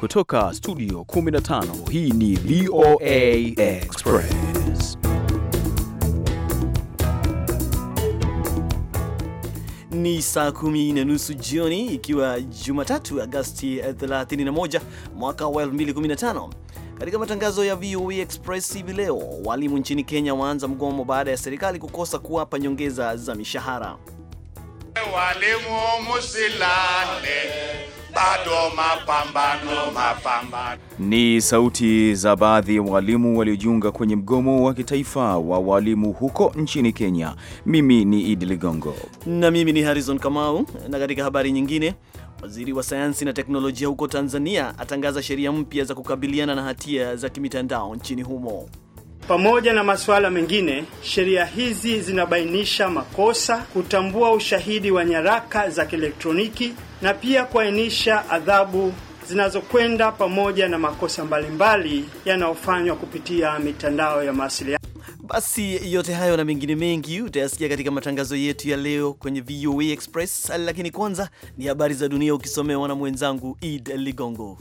Kutoka studio 15 hii ni VOA Express. Ni saa kumi na nusu jioni ikiwa Jumatatu Agosti 31 mwaka wa 2015. Katika matangazo ya VOA Express hivi leo, walimu nchini Kenya waanza mgomo baada ya serikali kukosa kuwapa nyongeza za mishahara. Walimu musilale bado mapambano mapambano. Ni sauti za baadhi ya walimu waliojiunga kwenye mgomo wa kitaifa wa walimu huko nchini Kenya. Mimi ni Idi Ligongo na mimi ni Harrison Kamau. Na katika habari nyingine, waziri wa sayansi na teknolojia huko Tanzania atangaza sheria mpya za kukabiliana na hatia za kimitandao nchini humo. Pamoja na masuala mengine, sheria hizi zinabainisha makosa, kutambua ushahidi wa nyaraka za kielektroniki na pia kuainisha adhabu zinazokwenda pamoja na makosa mbalimbali yanayofanywa kupitia mitandao ya mawasiliano. Basi yote hayo na mengine mengi utayasikia katika matangazo yetu ya leo kwenye VOA Express, lakini kwanza ni habari za dunia ukisomewa na mwenzangu ed Ligongo.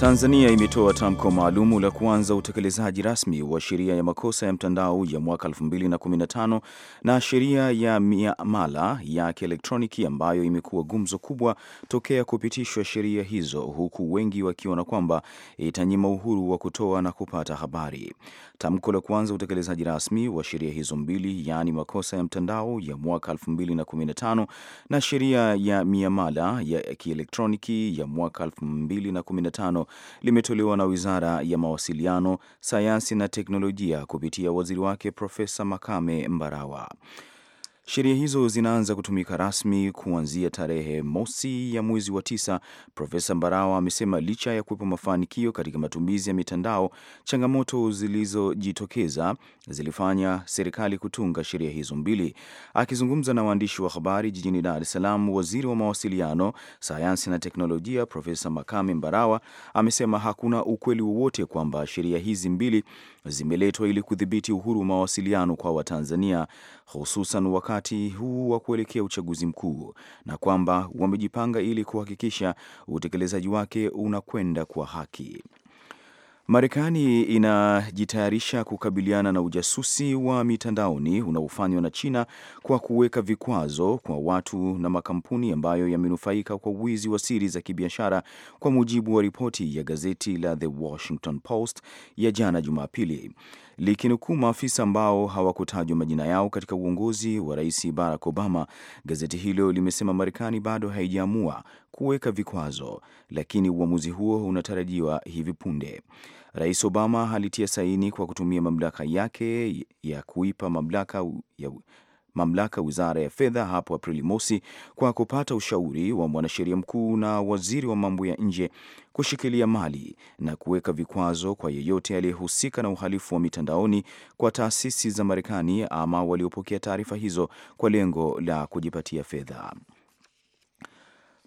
Tanzania imetoa tamko maalumu la kuanza utekelezaji rasmi wa sheria ya makosa ya mtandao ya mwaka 2015 na sheria ya miamala ya kielektroniki ambayo imekuwa gumzo kubwa tokea kupitishwa sheria hizo, huku wengi wakiona kwamba itanyima uhuru wa kutoa na kupata habari. Tamko la kuanza utekelezaji rasmi wa sheria hizo mbili, yaani makosa ya mtandao ya mwaka 2015 na sheria ya miamala ya kielektroniki ya mwaka 2015 limetolewa na Wizara ya Mawasiliano, Sayansi na Teknolojia kupitia waziri wake Profesa Makame Mbarawa. Sheria hizo zinaanza kutumika rasmi kuanzia tarehe mosi ya mwezi wa tisa. Profesa Mbarawa amesema licha ya kuwepo mafanikio katika matumizi ya mitandao, changamoto zilizojitokeza zilifanya serikali kutunga sheria hizo mbili. Akizungumza na waandishi wa habari jijini Dar es Salaam, waziri wa mawasiliano, sayansi na teknolojia Profesa Makame Mbarawa amesema hakuna ukweli wowote kwamba sheria hizi mbili zimeletwa ili kudhibiti uhuru wa mawasiliano kwa Watanzania hususan wakati huu wa kuelekea uchaguzi mkuu, na kwamba wamejipanga ili kuhakikisha utekelezaji wake unakwenda kwa haki. Marekani inajitayarisha kukabiliana na ujasusi wa mitandaoni unaofanywa na China kwa kuweka vikwazo kwa watu na makampuni ambayo yamenufaika kwa wizi wa siri za kibiashara, kwa mujibu wa ripoti ya gazeti la The Washington Post ya jana Jumapili likinukuu maafisa ambao hawakutajwa majina yao katika uongozi wa Rais Barack Obama. Gazeti hilo limesema Marekani bado haijaamua kuweka vikwazo, lakini uamuzi huo unatarajiwa hivi punde. Rais Obama alitia saini kwa kutumia mamlaka yake ya kuipa mamlaka ya mamlaka wizara ya fedha hapo Aprili mosi kwa kupata ushauri wa mwanasheria mkuu na waziri wa mambo ya nje kushikilia mali na kuweka vikwazo kwa yeyote aliyehusika na uhalifu wa mitandaoni kwa taasisi za Marekani ama waliopokea taarifa hizo kwa lengo la kujipatia fedha.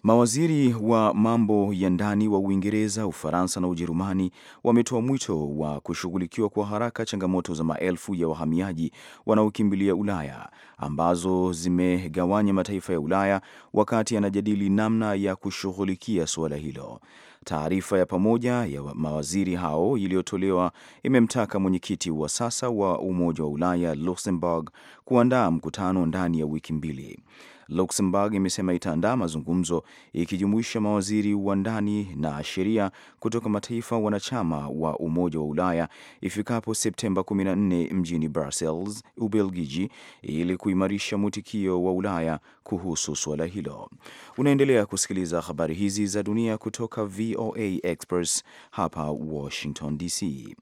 Mawaziri wa mambo ya ndani wa Uingereza, Ufaransa na Ujerumani wametoa mwito wa kushughulikiwa kwa haraka changamoto za maelfu ya wahamiaji wanaokimbilia Ulaya ambazo zimegawanya mataifa ya Ulaya wakati yanajadili namna ya kushughulikia suala hilo. Taarifa ya pamoja ya mawaziri hao iliyotolewa imemtaka mwenyekiti wa sasa wa Umoja wa Ulaya Luxembourg kuandaa mkutano ndani ya wiki mbili. Luxembourg imesema itaandaa mazungumzo ikijumuisha mawaziri wa ndani na sheria kutoka mataifa wanachama wa Umoja wa Ulaya ifikapo Septemba 14 mjini Brussels, Ubelgiji, ili kuimarisha mwitikio wa Ulaya kuhusu suala hilo. Unaendelea kusikiliza habari hizi za dunia kutoka VOA Express hapa Washington DC.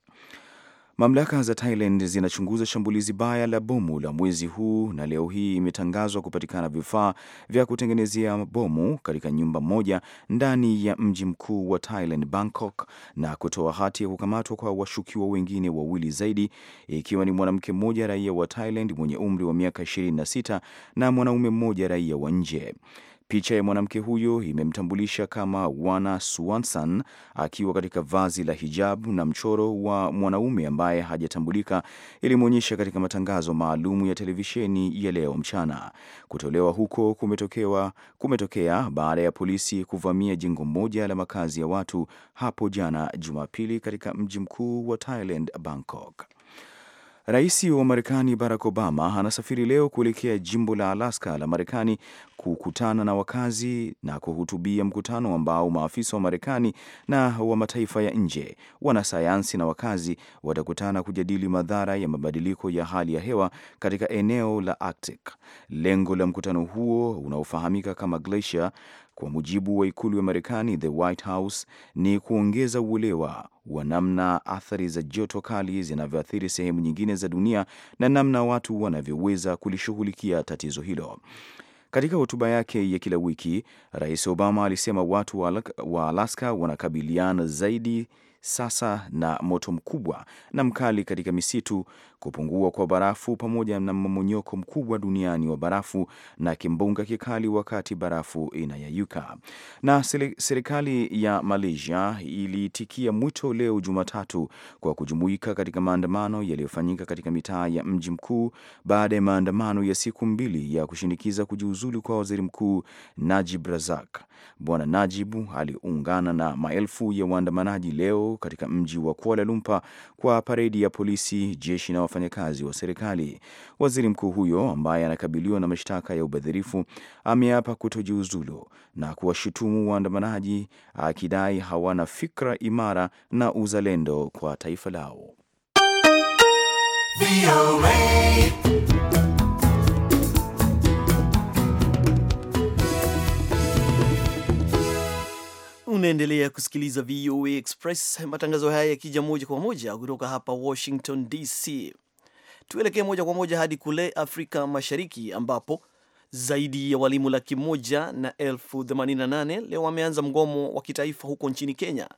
Mamlaka za Thailand zinachunguza shambulizi baya la bomu la mwezi huu na leo hii imetangazwa kupatikana vifaa vya kutengenezea bomu katika nyumba moja ndani ya mji mkuu wa Thailand, Bangkok, na kutoa hati ya kukamatwa kwa washukiwa wengine wawili zaidi, ikiwa ni mwanamke mmoja raia wa Thailand mwenye umri wa miaka 26 na mwanaume mmoja raia wa nje. Picha ya mwanamke huyo imemtambulisha kama Wana Swanson akiwa katika vazi la hijabu na mchoro wa mwanaume ambaye hajatambulika ilimwonyesha katika matangazo maalum ya televisheni ya leo mchana. Kutolewa huko kumetokewa, kumetokea baada ya polisi kuvamia jengo moja la makazi ya watu hapo jana Jumapili katika mji mkuu wa Thailand, Bangkok. Rais wa Marekani Barack Obama anasafiri leo kuelekea jimbo la Alaska la Marekani kukutana na wakazi na kuhutubia mkutano ambao maafisa wa Marekani na wa mataifa ya nje, wanasayansi na wakazi watakutana kujadili madhara ya mabadiliko ya hali ya hewa katika eneo la Arctic. Lengo la mkutano huo unaofahamika kama Glacier, kwa mujibu wa ikulu ya Marekani, the White House, ni kuongeza uelewa wa namna athari za joto kali zinavyoathiri sehemu nyingine za dunia na namna watu wanavyoweza kulishughulikia tatizo hilo. Katika hotuba yake ya kila wiki, Rais Obama alisema watu wa Alaska wanakabiliana zaidi sasa na moto mkubwa na mkali katika misitu kupungua kwa barafu pamoja na mmomonyoko mkubwa duniani wa barafu na kimbunga kikali wakati barafu inayayuka. Na serikali ya Malaysia iliitikia mwito leo Jumatatu kwa kujumuika katika maandamano yaliyofanyika katika mitaa ya mji mkuu baada ya maandamano ya siku mbili ya kushinikiza kujiuzulu kwa waziri mkuu Najib Razak. Bwana Najibu aliungana na maelfu ya waandamanaji leo katika mji wa Kuala Lumpur kwa paredi ya polisi, jeshi na wafanyakazi wa serikali. Waziri mkuu huyo ambaye anakabiliwa na mashtaka ya ubadhirifu ameapa kutojiuzulu na kuwashutumu waandamanaji, akidai hawana fikra imara na uzalendo kwa taifa lao. Unaendelea kusikiliza VOA Express, matangazo haya yakija moja kwa moja kutoka hapa Washington DC. Tuelekee moja kwa moja hadi kule Afrika Mashariki, ambapo zaidi ya walimu laki moja na elfu themanini na nane leo wameanza mgomo wa kitaifa huko nchini Kenya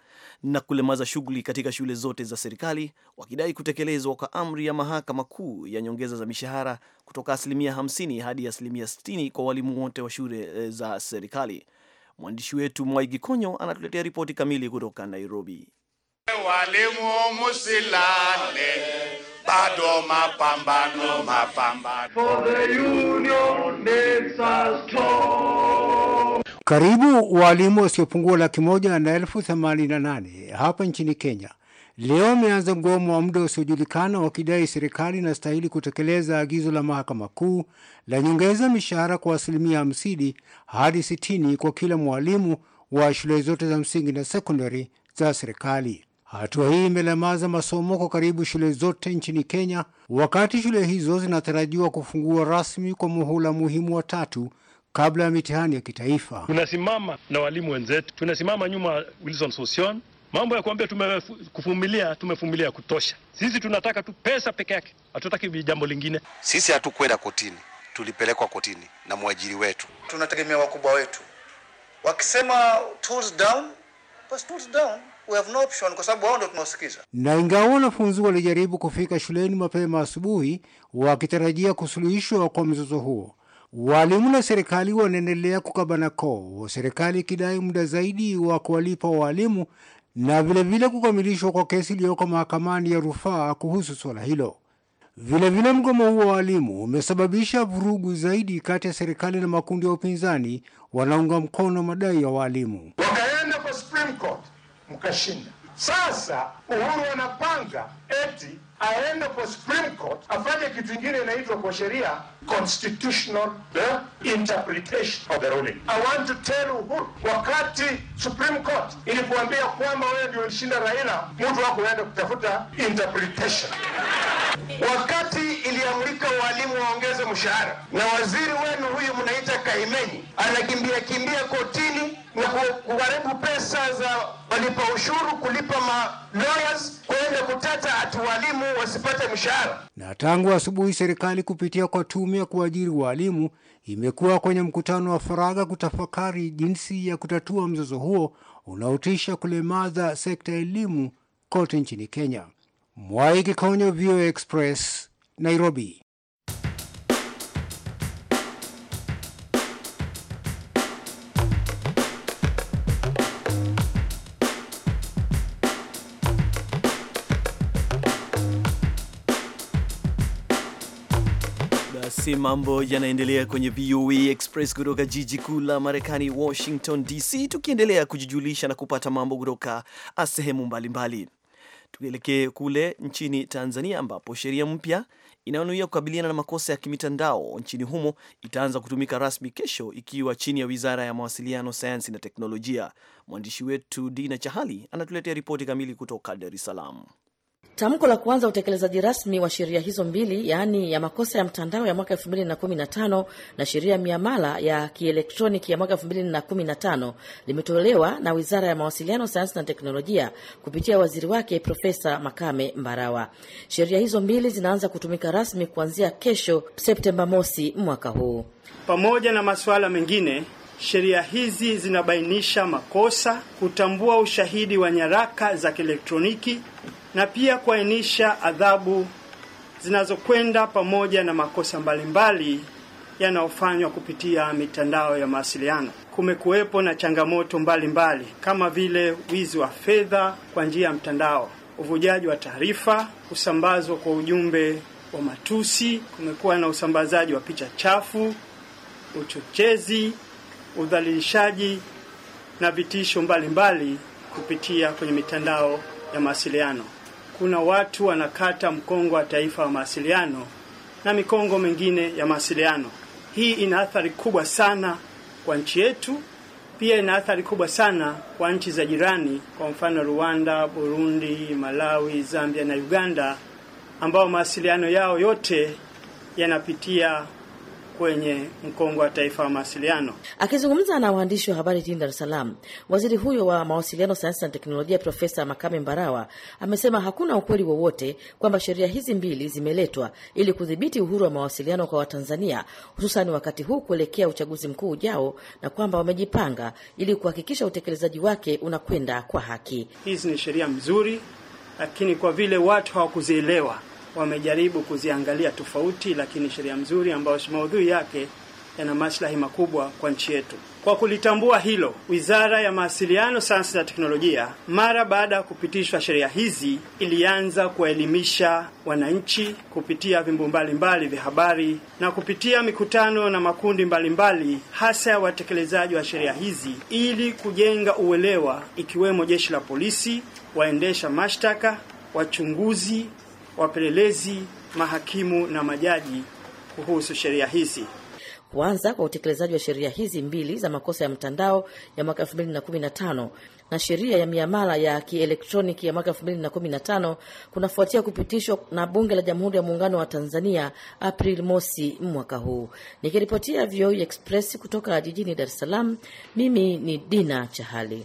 na kulemaza shughuli katika shule zote za serikali, wakidai kutekelezwa kwa amri ya mahakama kuu ya nyongeza za mishahara kutoka asilimia 50 hadi asilimia 60 kwa walimu wote wa shule eh, za serikali. Mwandishi wetu Mwaigi Konyo anatuletea ripoti kamili kutoka Nairobi. Walimu musilale, bado mapambano, mapambano. Karibu walimu wasiopungua laki moja na elfu themanini na nane hapa nchini Kenya leo ameanza mgomo wa muda usiojulikana wakidai serikali inastahili kutekeleza agizo la mahakama kuu la nyongeza mishahara kwa asilimia 50 hadi 60 kwa kila mwalimu wa shule zote za msingi na sekondari za serikali. Hatua hii imelemaza masomo kwa karibu shule zote nchini Kenya, wakati shule hizo zinatarajiwa kufungua rasmi kwa muhula muhimu wa tatu kabla ya mitihani ya kitaifa. Tunasimama na walimu wenzetu, tunasimama nyuma Wilson Sosion Mambo ya kuambia tumefumilia, tumefumilia kutosha. Sisi tunataka tu pesa peke yake, hatutaki jambo lingine. Sisi hatukwenda kotini, tulipelekwa kotini na mwajiri wetu. Tunategemea wakubwa wetu wakisema tools down, but tools down. We have no option kwa sababu wao ndio tunawasikiza. Na ingawa wanafunzi walijaribu kufika shuleni mapema asubuhi wakitarajia kusuluhishwa kwa mzozo huo, walimu na serikali wanaendelea kukabana koo, serikali ikidai muda zaidi wa kuwalipa walimu na vilevile kukamilishwa kwa kesi iliyoko mahakamani ya rufaa kuhusu suala hilo. Vilevile, mgomo huo wa walimu umesababisha vurugu zaidi kati ya serikali na makundi ya upinzani wanaunga mkono madai ya waalimu, wakaenda kwa Supreme Court mkashinda. Sasa Uhuru wanapanga eti aende kwa Supreme Court afanye kitu kingine inaitwa kwa sheria constitutional the eh, interpretation of the ruling. I want to tell Uhuru, wakati Supreme Court ilikuambia kwamba wewe ndio ulishinda Raila, mtu wako uende kutafuta interpretation. Wakati iliamrika walimu waongeze mshahara na waziri wenu huyu mnaita Kaimenyi anakimbia kimbia kotini ni kugharimu pesa za walipa ushuru kulipa ma lawyers kwenda kutata ati walimu wasipate mshahara. Na tangu asubuhi serikali kupitia kwa tume ya kuajiri walimu imekuwa kwenye mkutano wa faragha kutafakari jinsi ya kutatua mzozo huo unaotisha kulemaza sekta ya elimu kote nchini Kenya. Mwai Kikonyo, VOA Express, Nairobi. basi mambo yanaendelea kwenye VOA Express kutoka jiji kuu la Marekani, Washington DC, tukiendelea kujijulisha na kupata mambo kutoka sehemu mbalimbali. Tuelekee kule nchini Tanzania ambapo sheria mpya inayonuia kukabiliana na makosa ya kimitandao nchini humo itaanza kutumika rasmi kesho, ikiwa chini ya Wizara ya Mawasiliano, Sayansi na Teknolojia. Mwandishi wetu Dina Chahali anatuletea ripoti kamili kutoka Dar es Salaam. Tamko la kuanza utekelezaji rasmi wa sheria hizo mbili, yaani ya makosa ya mtandao ya mwaka 215 na sheria miamala ya kielektroniki ya mwaka 215 limetolewa na Wizara ya Mawasiliano, Sayansi na Teknolojia kupitia waziri wake Profesa Makame Mbarawa. Sheria hizo mbili zinaanza kutumika rasmi kuanzia kesho Septemba mosi mwaka huu. Pamoja na masuala mengine Sheria hizi zinabainisha makosa, kutambua ushahidi wa nyaraka za kielektroniki na pia kuainisha adhabu zinazokwenda pamoja na makosa mbalimbali yanayofanywa kupitia mitandao ya mawasiliano. Kumekuwepo na changamoto mbalimbali mbali, kama vile wizi wa fedha kwa njia ya mtandao, uvujaji wa taarifa, kusambazwa kwa ujumbe wa matusi, kumekuwa na usambazaji wa picha chafu, uchochezi udhalilishaji na vitisho mbalimbali mbali kupitia kwenye mitandao ya mawasiliano. Kuna watu wanakata mkongo wa taifa wa mawasiliano na mikongo mingine ya mawasiliano. Hii ina athari kubwa sana kwa nchi yetu, pia ina athari kubwa sana kwa nchi za jirani, kwa mfano Rwanda, Burundi, Malawi, Zambia na Uganda, ambao mawasiliano yao yote yanapitia kwenye mkongo wa taifa wa mawasiliano. Akizungumza na waandishi wa habari jijini Dar es Salaam, waziri huyo wa mawasiliano, sayansi na teknolojia, Profesa Makame Mbarawa amesema hakuna ukweli wowote kwamba sheria hizi mbili zimeletwa ili kudhibiti uhuru wa mawasiliano kwa Watanzania, hususani wakati huu kuelekea uchaguzi mkuu ujao, na kwamba wamejipanga ili kuhakikisha utekelezaji wake unakwenda kwa haki. Hizi ni sheria mzuri, lakini kwa vile watu hawakuzielewa wamejaribu kuziangalia tofauti, lakini sheria nzuri ambayo maudhui yake yana maslahi makubwa kwa nchi yetu. Kwa kulitambua hilo, Wizara ya Mawasiliano, Sayansi na Teknolojia, mara baada ya kupitishwa sheria hizi, ilianza kuwaelimisha wananchi kupitia vyombo mbalimbali vya habari na kupitia mikutano na makundi mbalimbali mbali, hasa ya watekelezaji wa sheria hizi ili kujenga uelewa, ikiwemo jeshi la polisi, waendesha mashtaka, wachunguzi wapelelezi, mahakimu na majaji kuhusu sheria hizi. Kuanza kwa utekelezaji wa sheria hizi mbili za makosa ya mtandao ya mwaka 2015 na sheria ya miamala ya kielektroniki ya mwaka 2015 kunafuatia kupitishwa na Bunge la Jamhuri ya Muungano wa Tanzania Aprili mosi mwaka huu. Nikiripotia VOA e Express kutoka jijini Dar es Salaam, mimi ni Dina Chahali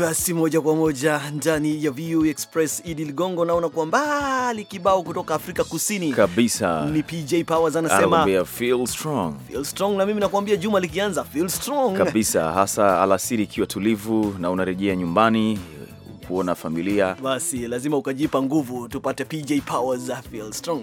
Basi moja kwa moja ndani ya VU Express, Idi Ligongo, naona kwa mbali kibao kutoka Afrika Kusini kabisa ni PJ Powers anasema feel strong. Feel strong, na mimi nakuambia juma likianza feel strong kabisa, hasa alasiri ikiwa tulivu na unarejea nyumbani kuona familia, basi lazima ukajipa nguvu, tupate PJ Powers feel strong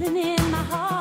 feeling in my heart.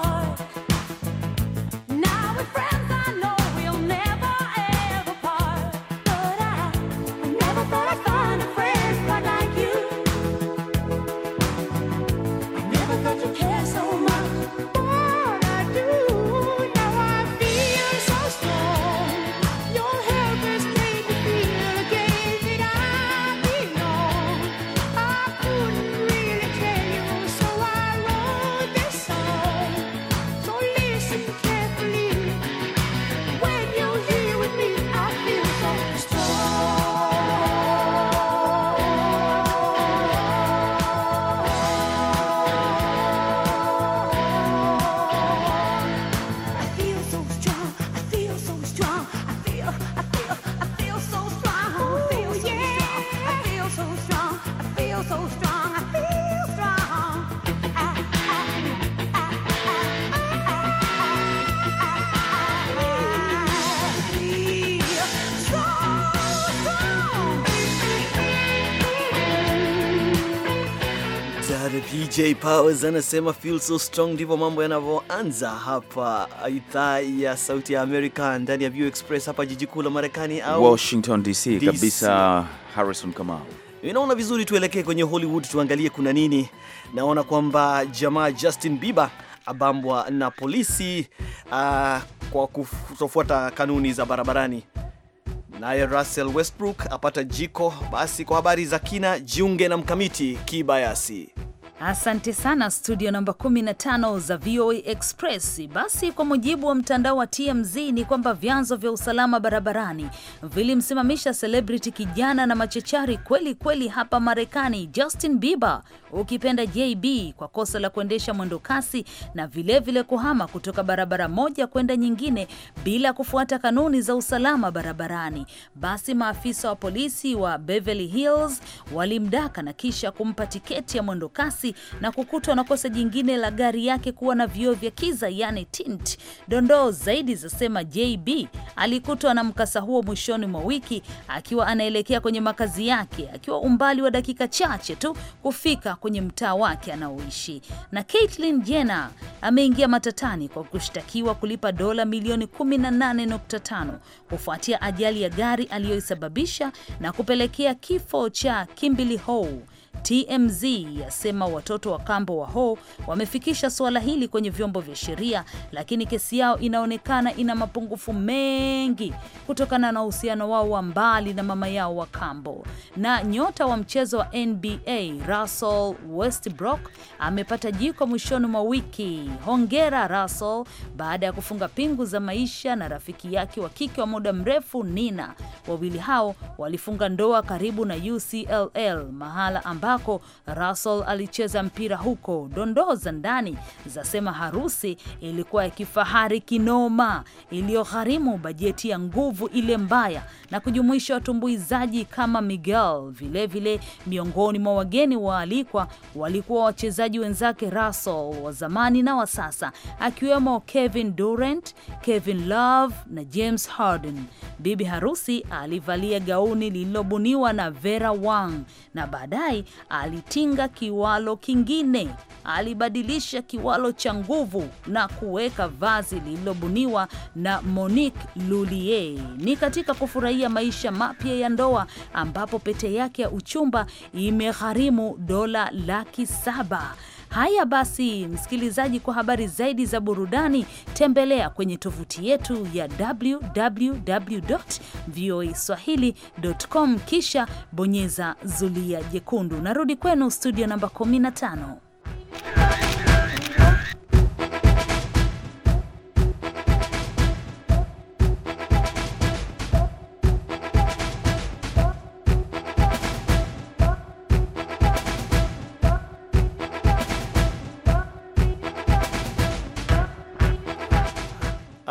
DJ Powers anasema feel so strong. Ndivyo mambo yanavyoanza hapa idhaa ya Sauti ya Amerika ndani ya View Express hapa jiji kuu la Marekani au Washington DC kabisa. Harrison Kamau Inaona eh, vizuri tuelekee kwenye Hollywood tuangalie kuna nini. Naona kwamba jamaa Justin Bieber abambwa na polisi uh, kwa kutofuata kanuni za barabarani. Naye Russell Westbrook apata jiko. Basi kwa habari za kina, jiunge na mkamiti Kibayasi. Asante sana studio namba 15 za VOA Express. Basi, kwa mujibu wa mtandao wa TMZ ni kwamba vyanzo vya usalama barabarani vilimsimamisha celebrity kijana na machachari kweli kweli hapa Marekani, Justin Bieber ukipenda JB, kwa kosa la kuendesha mwendo kasi na vilevile vile kuhama kutoka barabara moja kwenda nyingine bila kufuata kanuni za usalama barabarani. Basi maafisa wa polisi wa Beverly Hills walimdaka na kisha kumpa tiketi ya mwendo kasi polisi na kukutwa na kosa jingine la gari yake kuwa na vioo vya kiza, yani tint. Dondoo zaidi zasema JB alikutwa na mkasa huo mwishoni mwa wiki akiwa anaelekea kwenye makazi yake, akiwa umbali wa dakika chache tu kufika kwenye mtaa wake anaoishi. Na Caitlyn Jenner ameingia matatani kwa kushtakiwa kulipa dola milioni 18.5 kufuatia ajali ya gari aliyoisababisha na kupelekea kifo cha Kimberly TMZ yasema watoto wa kambo wa Ho wamefikisha suala hili kwenye vyombo vya sheria, lakini kesi yao inaonekana ina mapungufu mengi kutokana na uhusiano wao wa mbali na mama yao wa kambo. Na nyota wa mchezo wa NBA Russell Westbrook amepata jiko mwishoni mwa wiki. Hongera Russell, baada ya kufunga pingu za maisha na rafiki yake wa kike wa muda mrefu Nina. Wawili hao walifunga ndoa karibu na UCLL mahala ambako Russell alicheza mpira huko. Dondoo za ndani zasema harusi ilikuwa ya kifahari kinoma, iliyogharimu bajeti ya nguvu ile mbaya na kujumuisha watumbuizaji kama Miguel. Vilevile vile, miongoni mwa wageni waalikwa walikuwa wachezaji wenzake Russell wa zamani na wa sasa, akiwemo Kevin Durant, Kevin Love na James Harden. Bibi harusi alivalia gauni lililobuniwa na Vera Wang na baadaye alitinga kiwalo kingine, alibadilisha kiwalo cha nguvu na kuweka vazi lililobuniwa na Monique lulier Ni katika kufurahia maisha mapya ya ndoa ambapo pete yake ya uchumba imegharimu dola laki saba. Haya basi, msikilizaji, kwa habari zaidi za burudani tembelea kwenye tovuti yetu ya www.voaswahili.com, kisha bonyeza zulia jekundu. Narudi kwenu studio namba 15.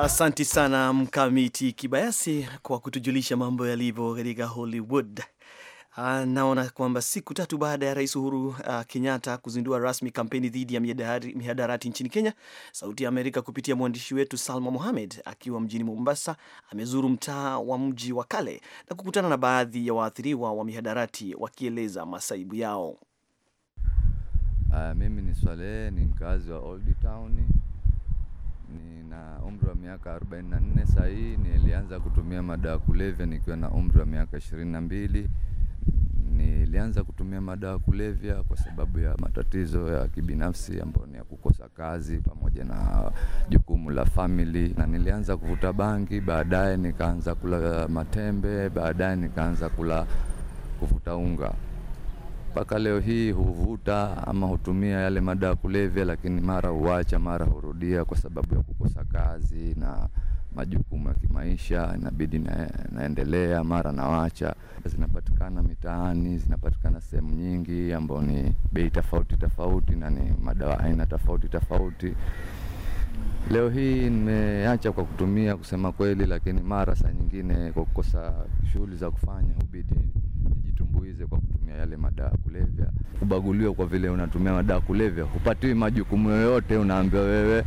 Asanti sana Mkamiti Kibayasi kwa kutujulisha mambo yalivyo katika Hollywood. Ah, naona kwamba siku tatu baada ya Rais Uhuru uh, Kenyatta kuzindua rasmi kampeni dhidi ya mihadarati nchini Kenya, Sauti ya Amerika kupitia mwandishi wetu Salma Mohamed akiwa mjini Mombasa amezuru mtaa wa mji wa kale na kukutana na baadhi ya waathiriwa wa mihadarati wakieleza masaibu yao. Uh, mimi ni Swale, ni mkazi wa Old Town Nina umri wa miaka 44 sasa hii. Nilianza kutumia madawa kulevya nikiwa na umri wa miaka ishirini na mbili. Nilianza kutumia madawa kulevya kwa sababu ya matatizo ya kibinafsi ambayo ni ya kukosa kazi pamoja na jukumu la famili, na nilianza kuvuta bangi, baadaye nikaanza kula matembe, baadaye nikaanza kula kuvuta unga mpaka leo hii huvuta ama hutumia yale madawa kulevya, lakini mara huacha mara hurudia kwa sababu ya kukosa kazi na majukumu ya kimaisha, inabidi na, naendelea mara nawacha. Zinapatikana mitaani, zinapatikana sehemu nyingi, ambao ni bei tofauti tofauti na ni madawa aina tofauti tofauti. Leo hii nimeacha kwa kutumia kusema kweli, lakini mara saa nyingine kwa kukosa shughuli za kufanya hubidi nijitumbuize kwa kutumia yale madawa kulevya. Kubaguliwa kwa vile unatumia madawa kulevya, hupatiwi majukumu yoyote, unaambiwa wewe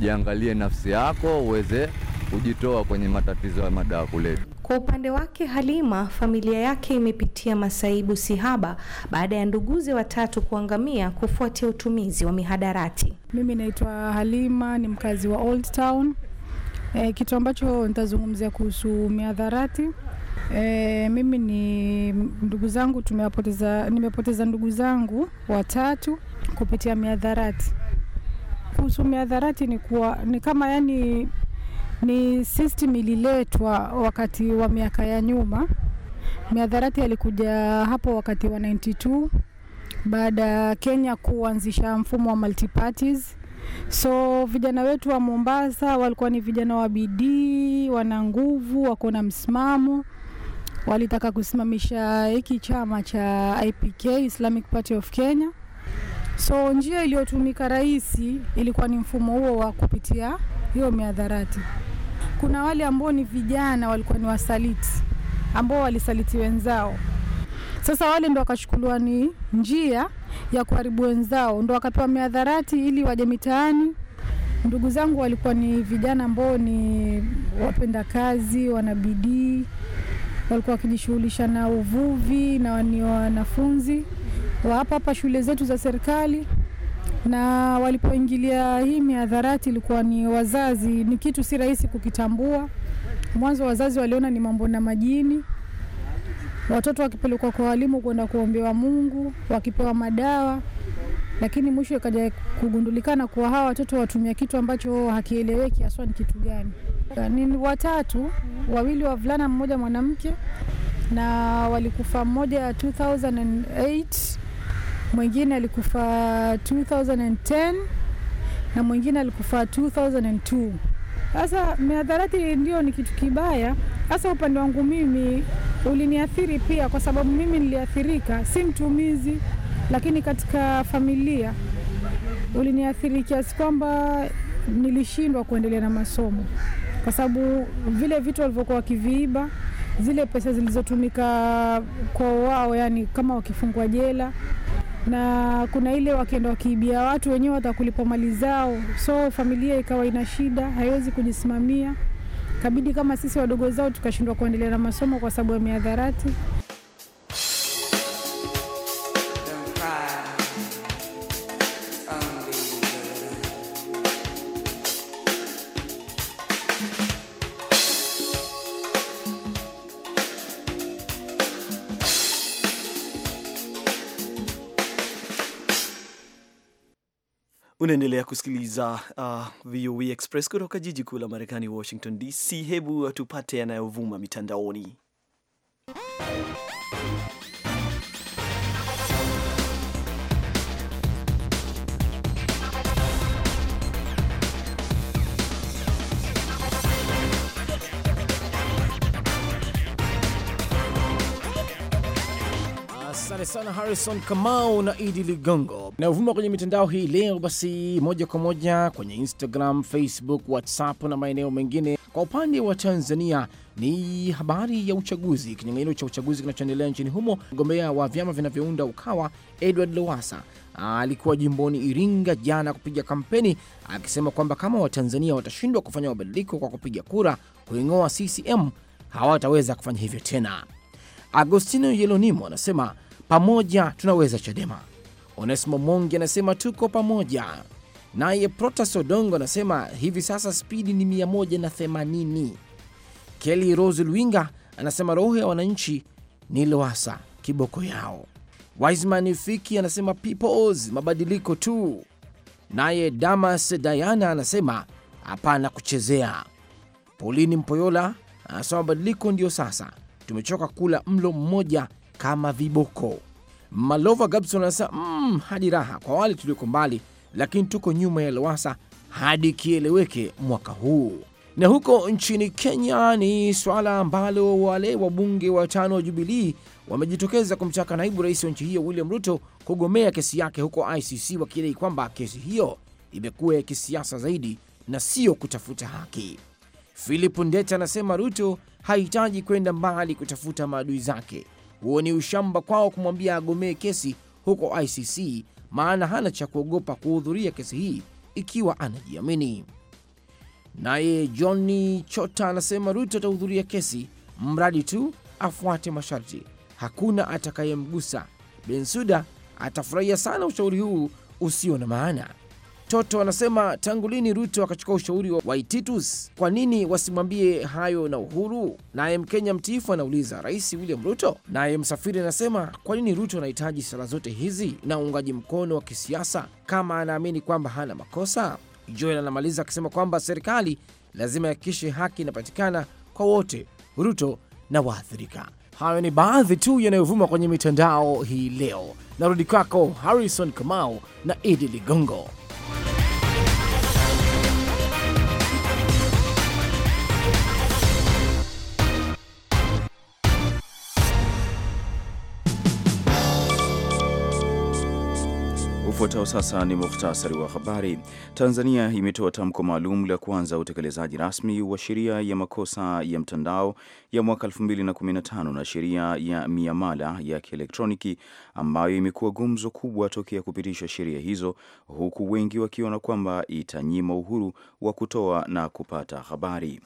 jiangalie nafsi yako uweze kujitoa kwenye matatizo ya madawa kulevya. Kwa upande wake Halima, familia yake imepitia masaibu sihaba baada ya nduguze watatu kuangamia kufuatia utumizi wa mihadarati. Mimi naitwa Halima, ni mkazi wa Old Town. E, kitu ambacho nitazungumzia kuhusu mihadarati E, mimi ni ndugu zangu tumewapoteza, nimepoteza ndugu zangu watatu kupitia miadharati. Kuhusu miadharati ni kuwa ni kama yani ni system ililetwa wakati wa miaka ya nyuma. Miadharati yalikuja hapo wakati wa 92 baada ya Kenya kuanzisha mfumo wa multiparties. So vijana wetu wa Mombasa walikuwa ni vijana wa bidii, wana nguvu, wako na msimamo walitaka kusimamisha hiki chama cha IPK, Islamic Party of Kenya. So njia iliyotumika rais ilikuwa ni mfumo huo wa kupitia hiyo miadharati. Kuna wale ambao ni vijana walikuwa ni wasaliti ambao walisaliti wenzao. Sasa wale ndo wakachukuliwa ni njia ya kuharibu wenzao, ndo wakapewa miadharati ili waje mitaani. Ndugu zangu walikuwa ni vijana ambao ni wapenda kazi, wanabidii walikuwa wakijishughulisha na uvuvi na ni wanafunzi wa hapa hapa shule zetu za serikali, na walipoingilia hii mihadharati ilikuwa ni wazazi, ni kitu si rahisi kukitambua. Mwanzo wazazi waliona ni mambo na majini, watoto wakipelekwa kwa walimu kwenda kuombewa Mungu, wakipewa madawa lakini mwisho ikaja kugundulikana kuwa hawa watoto watumia kitu ambacho hakieleweki haswa ni kitu gani. Eh, ni watatu, mm-hmm. wawili wavulana, mmoja mwanamke, na walikufa mmoja 2008 mwingine alikufa 2010 na mwingine alikufa 2002. Sasa mihadarati ndio ni kitu kibaya. Sasa upande wangu mimi uliniathiri pia, kwa sababu mimi niliathirika, si mtumizi, lakini katika familia uliniathiri kiasi kwamba nilishindwa kuendelea na masomo kwa sababu vile vitu walivyokuwa wakiviiba, zile pesa zilizotumika kwa wao, yani kama wakifungwa jela na kuna ile wakienda wakiibia watu wenyewe watakulipa mali zao, so familia ikawa ina shida, haiwezi kujisimamia. Kabidi kama sisi wadogo zao tukashindwa kuendelea na masomo kwa sababu ya miadharati. Unaendelea kusikiliza uh, VOA e Express kutoka jiji kuu la Marekani, Washington DC. Hebu uh, tupate yanayovuma mitandaoni. Asante sana Harrison Kamau na Idi Ligongo inayovuma kwenye mitandao hii leo. Basi moja kwa moja kwenye Instagram, Facebook, WhatsApp na maeneo mengine. Kwa upande wa Tanzania ni habari ya uchaguzi, kinyang'anyiro cha uchaguzi kinachoendelea nchini humo. Mgombea wa vyama vinavyounda Ukawa Edward Lowasa alikuwa jimboni Iringa jana kupiga kampeni akisema kwamba kama Watanzania watashindwa kufanya mabadiliko kwa kupiga kura kuing'oa CCM hawataweza kufanya hivyo tena. Agostino Yelonimo anasema pamoja tunaweza Chadema. Onesmo Mongi anasema tuko pamoja. Naye Protas Odongo anasema hivi sasa spidi ni 180. Kelly Rose Lwinga anasema roho ya wananchi ni Lowassa, kiboko yao. Wiseman Fiki anasema peoples, mabadiliko tu. Naye Damas Diana anasema hapana kuchezea. Paulini Mpoyola anasema mabadiliko ndiyo sasa, tumechoka kula mlo mmoja kama viboko. Malova Gabson anasema mm, hadi raha kwa wale tulioko mbali, lakini tuko nyuma ya lowasa hadi kieleweke mwaka huu. Na huko nchini Kenya ni swala ambalo wale wabunge watano wa Jubilii wamejitokeza kumtaka naibu rais wa nchi hiyo William Ruto kugomea kesi yake huko ICC, wakidai kwamba kesi hiyo imekuwa ya kisiasa zaidi na sio kutafuta haki. Philip Ndeta anasema Ruto hahitaji kwenda mbali kutafuta maadui zake, huo ni ushamba kwao kumwambia agomee kesi huko ICC, maana hana cha kuogopa kuhudhuria kesi hii ikiwa anajiamini. Naye Johnny Chota anasema Ruto atahudhuria kesi mradi tu afuate masharti, hakuna atakayemgusa. Bensuda atafurahia sana ushauri huu usio na maana. Toto anasema tangu lini Ruto akachukua ushauri wa Waititus? Kwa nini wasimwambie hayo na Uhuru? Naye Mkenya mtiifu anauliza Rais William Ruto. Naye Msafiri anasema kwa nini Ruto anahitaji sala zote hizi na uungaji mkono wa kisiasa kama anaamini kwamba hana makosa? Joel anamaliza akisema kwamba serikali lazima ihakikishe haki inapatikana kwa wote, Ruto na waathirika. Hayo ni baadhi tu yanayovuma kwenye mitandao hii leo. Narudi kwako Harrison Kamau na Idi Ligongo. Ufuatao sasa ni muhtasari wa habari. Tanzania imetoa tamko maalum la kuanza utekelezaji rasmi wa sheria ya makosa ya mtandao ya mwaka 2015 na sheria ya miamala ya kielektroniki ambayo imekuwa gumzo kubwa tokea kupitishwa sheria hizo, huku wengi wakiona kwamba itanyima uhuru wa kutoa na kupata habari.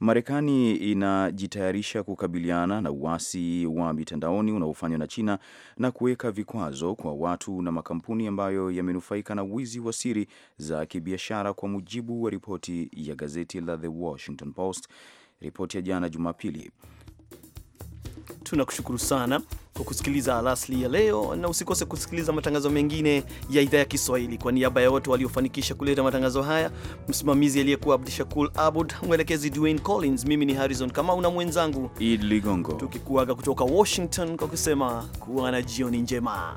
Marekani inajitayarisha kukabiliana na uasi wa mitandaoni unaofanywa na China na kuweka vikwazo kwa watu na makampuni ambayo yamenufaika na wizi wa siri za kibiashara, kwa mujibu wa ripoti ya gazeti la The Washington Post, ripoti ya jana Jumapili. Tunakushukuru sana kwa kusikiliza alasli ya leo, na usikose kusikiliza matangazo mengine ya idhaa ya Kiswahili. Kwa niaba ya wote waliofanikisha kuleta matangazo haya, msimamizi aliyekuwa Abdishakur Abud, mwelekezi Dwayne Collins, mimi ni Harrison Kamau na mwenzangu Id Ligongo, tukikuaga kutoka Washington kwa kusema kuwa na jioni njema.